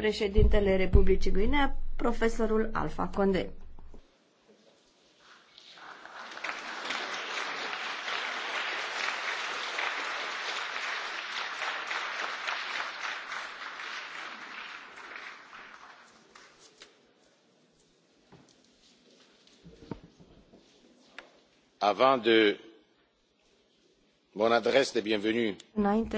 Președintele Republicii Guinea, profesorul Alpha Condé. avant de mon adresse de bienvenue